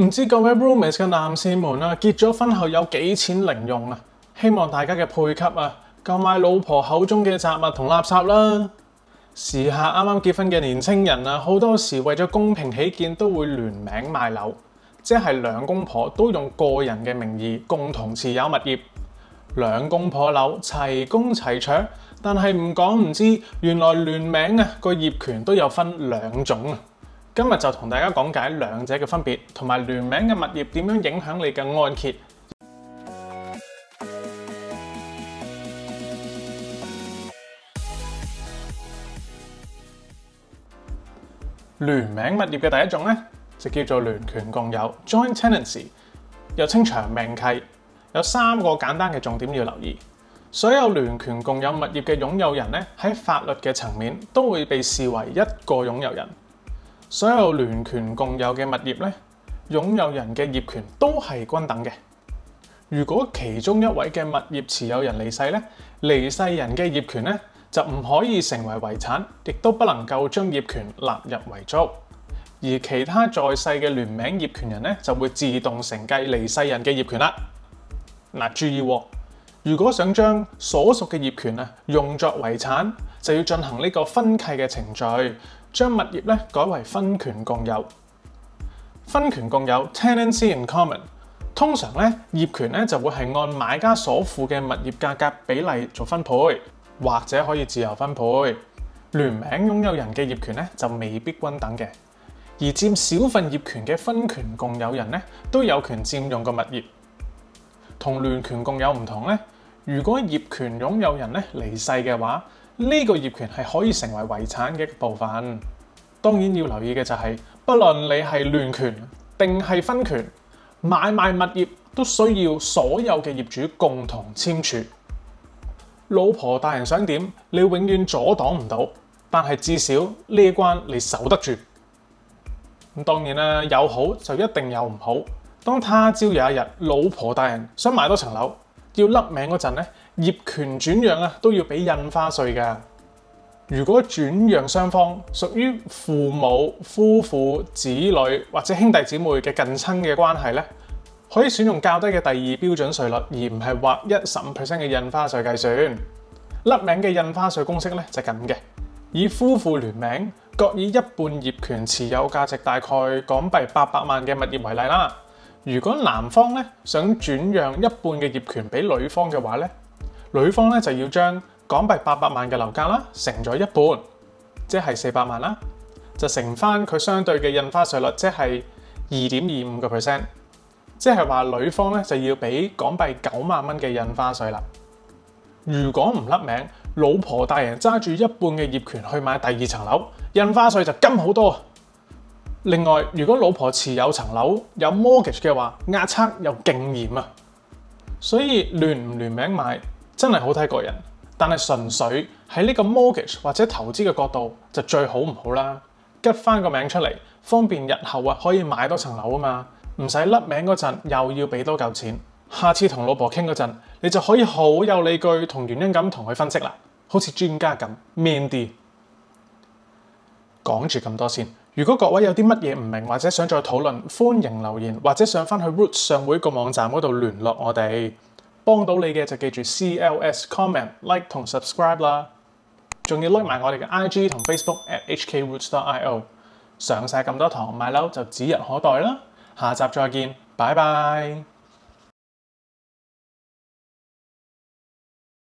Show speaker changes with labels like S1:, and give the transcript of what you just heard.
S1: 唔知各位 roommates 嘅男士們啦，結咗婚後有幾錢零用啊？希望大家嘅配給啊，夠買老婆口中嘅雜物同垃圾啦。時下啱啱結婚嘅年青人啊，好多時為咗公平起見，都會聯名買樓，即係兩公婆都用個人嘅名義共同持有物業。兩公婆樓齊供齊搶，但係唔講唔知，原來聯名啊個業權都有分兩種啊。今日就同大家講解兩者嘅分別，同埋聯名嘅物業點樣影響你嘅按揭。聯名物業嘅第一種咧，就叫做聯權共有 （joint tenancy），又稱長命契。有三個簡單嘅重點要留意：所有聯權共有物業嘅擁有人咧，喺法律嘅層面都會被視為一個擁有人。所有聯權共有嘅物業咧，擁有人嘅業權都係均等嘅。如果其中一位嘅物業持有人離世咧，離世人嘅業權咧就唔可以成為遺產，亦都不能夠將業權納入遺囑，而其他在世嘅聯名業權人咧就會自動承繼離世人嘅業權啦。嗱，注意，哦，如果想將所屬嘅業權啊用作遺產。就要進行呢個分契嘅程序，將物業咧改為分權共有。分權共有 Tenancy in Common，通常咧業權咧就會係按買家所付嘅物業價格比例做分配，或者可以自由分配。聯名擁有人嘅業權咧就未必均等嘅，而佔少份業權嘅分權共有人咧都有權佔用個物業。同聯權共有唔同咧，如果業權擁有人咧離世嘅話，呢個業權係可以成為遺產嘅一部分，當然要留意嘅就係、是，不論你係聯權定係分權，買賣物業都需要所有嘅業主共同簽署。老婆大人想點，你永遠阻擋唔到，但係至少呢一關你守得住。咁當然啦，有好就一定有唔好，當他朝有一日老婆大人想買多層樓。要甩名嗰陣咧，業權轉讓啊都要俾印花稅噶。如果轉讓雙方屬於父母、夫婦、子女或者兄弟姊妹嘅近親嘅關係咧，可以選用較低嘅第二標準稅率，而唔係劃一十五 percent 嘅印花稅計算。甩名嘅印花稅公式咧就係咁嘅，以夫婦聯名各以一半業權持有價值大概港幣八百萬嘅物業為例啦。如果男方咧想轉讓一半嘅業權俾女方嘅話咧，女方咧就要將港幣八百萬嘅樓價啦乘咗一半，即係四百萬啦，就乘翻佢相對嘅印花稅率，即係二點二五個 percent，即係話女方咧就要俾港幣九萬蚊嘅印花稅啦。如果唔甩名，老婆大人揸住一半嘅業權去買第二層樓，印花稅就金好多。另外，如果老婆持有層樓有 mortgage 嘅話，壓測又勁嚴啊，所以聯唔聯名買真係好睇個人。但係純粹喺呢個 mortgage 或者投資嘅角度，就最好唔好啦。吉返個名出嚟，方便日後啊可以買多層樓啊嘛，唔使甩名嗰陣又要俾多嚿錢。下次同老婆傾嗰陣，你就可以好有理據同原因咁同佢分析啦，好似專家咁 man 啲。講住咁多先。如果各位有啲乜嘢唔明或者想再討論，歡迎留言或者上翻去 Roots 上會個網站嗰度聯絡我哋。幫到你嘅就記住 CLS comment like 同 subscribe 啦。仲要 look、like、埋我哋嘅 IG 同 Facebook at HKRoots.io。上晒咁多堂買樓就指日可待啦。下集再見，拜拜。